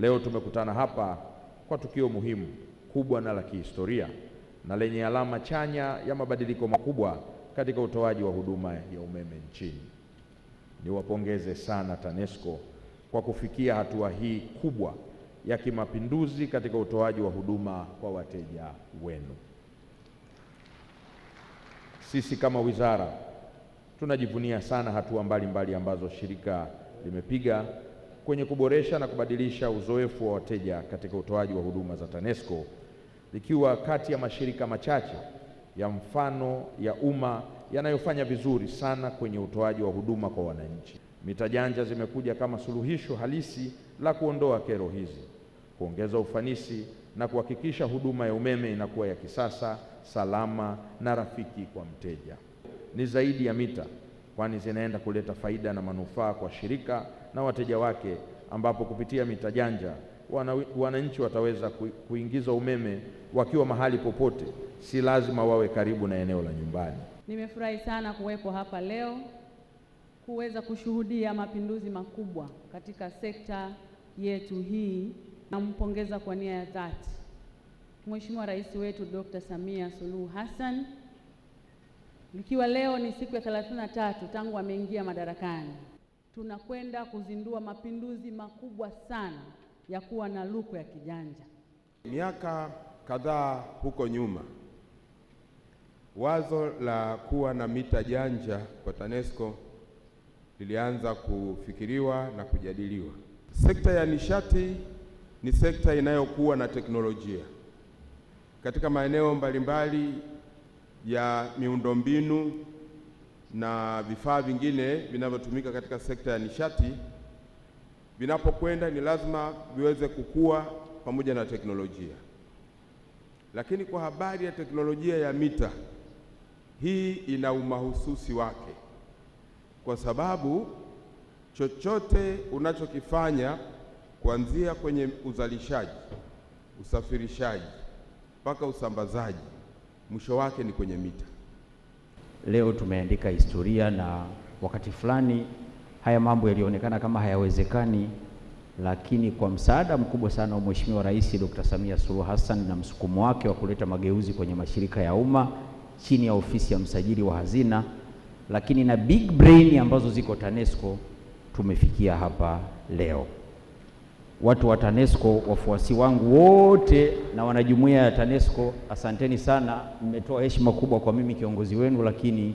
Leo tumekutana hapa kwa tukio muhimu kubwa na la kihistoria na lenye alama chanya ya mabadiliko makubwa katika utoaji wa huduma ya umeme nchini. Niwapongeze sana TANESCO kwa kufikia hatua hii kubwa ya kimapinduzi katika utoaji wa huduma kwa wateja wenu. Sisi kama wizara tunajivunia sana hatua mbalimbali ambazo shirika limepiga kwenye kuboresha na kubadilisha uzoefu wa wateja katika utoaji wa huduma za TANESCO likiwa kati ya mashirika machache ya mfano ya umma yanayofanya vizuri sana kwenye utoaji wa huduma kwa wananchi. Mita janja zimekuja kama suluhisho halisi la kuondoa kero hizi, kuongeza ufanisi na kuhakikisha huduma ya umeme inakuwa ya kisasa, salama na rafiki kwa mteja. Ni zaidi ya mita kwani zinaenda kuleta faida na manufaa kwa shirika na wateja wake, ambapo kupitia mita janja wananchi wataweza kuingiza umeme wakiwa mahali popote, si lazima wawe karibu na eneo la nyumbani. Nimefurahi sana kuwepo hapa leo kuweza kushuhudia mapinduzi makubwa katika sekta yetu hii. Nampongeza kwa nia ya dhati Mheshimiwa Rais wetu Dr. Samia Suluhu Hassan. Ikiwa leo ni siku ya 33 tangu ameingia madarakani, tunakwenda kuzindua mapinduzi makubwa sana ya kuwa na luku ya kijanja. Miaka kadhaa huko nyuma, wazo la kuwa na mita janja kwa TANESCO lilianza kufikiriwa na kujadiliwa. Sekta ya nishati ni sekta inayokuwa na teknolojia katika maeneo mbalimbali ya miundombinu na vifaa vingine vinavyotumika katika sekta ya nishati vinapokwenda ni lazima viweze kukua pamoja na teknolojia. Lakini kwa habari ya teknolojia ya mita, hii ina umahususi wake, kwa sababu chochote unachokifanya kuanzia kwenye uzalishaji, usafirishaji mpaka usambazaji mwisho wake ni kwenye mita. Leo tumeandika historia, na wakati fulani haya mambo yalionekana kama hayawezekani, lakini kwa msaada mkubwa sana wa Mheshimiwa Rais Dr. Samia Suluhu Hassan na msukumo wake wa kuleta mageuzi kwenye mashirika ya umma chini ya ofisi ya msajili wa hazina, lakini na big brain ambazo ziko TANESCO tumefikia hapa leo watu wa TANESCO, wafuasi wangu wote na wanajumuiya ya TANESCO, asanteni sana, mmetoa heshima kubwa kwa mimi kiongozi wenu, lakini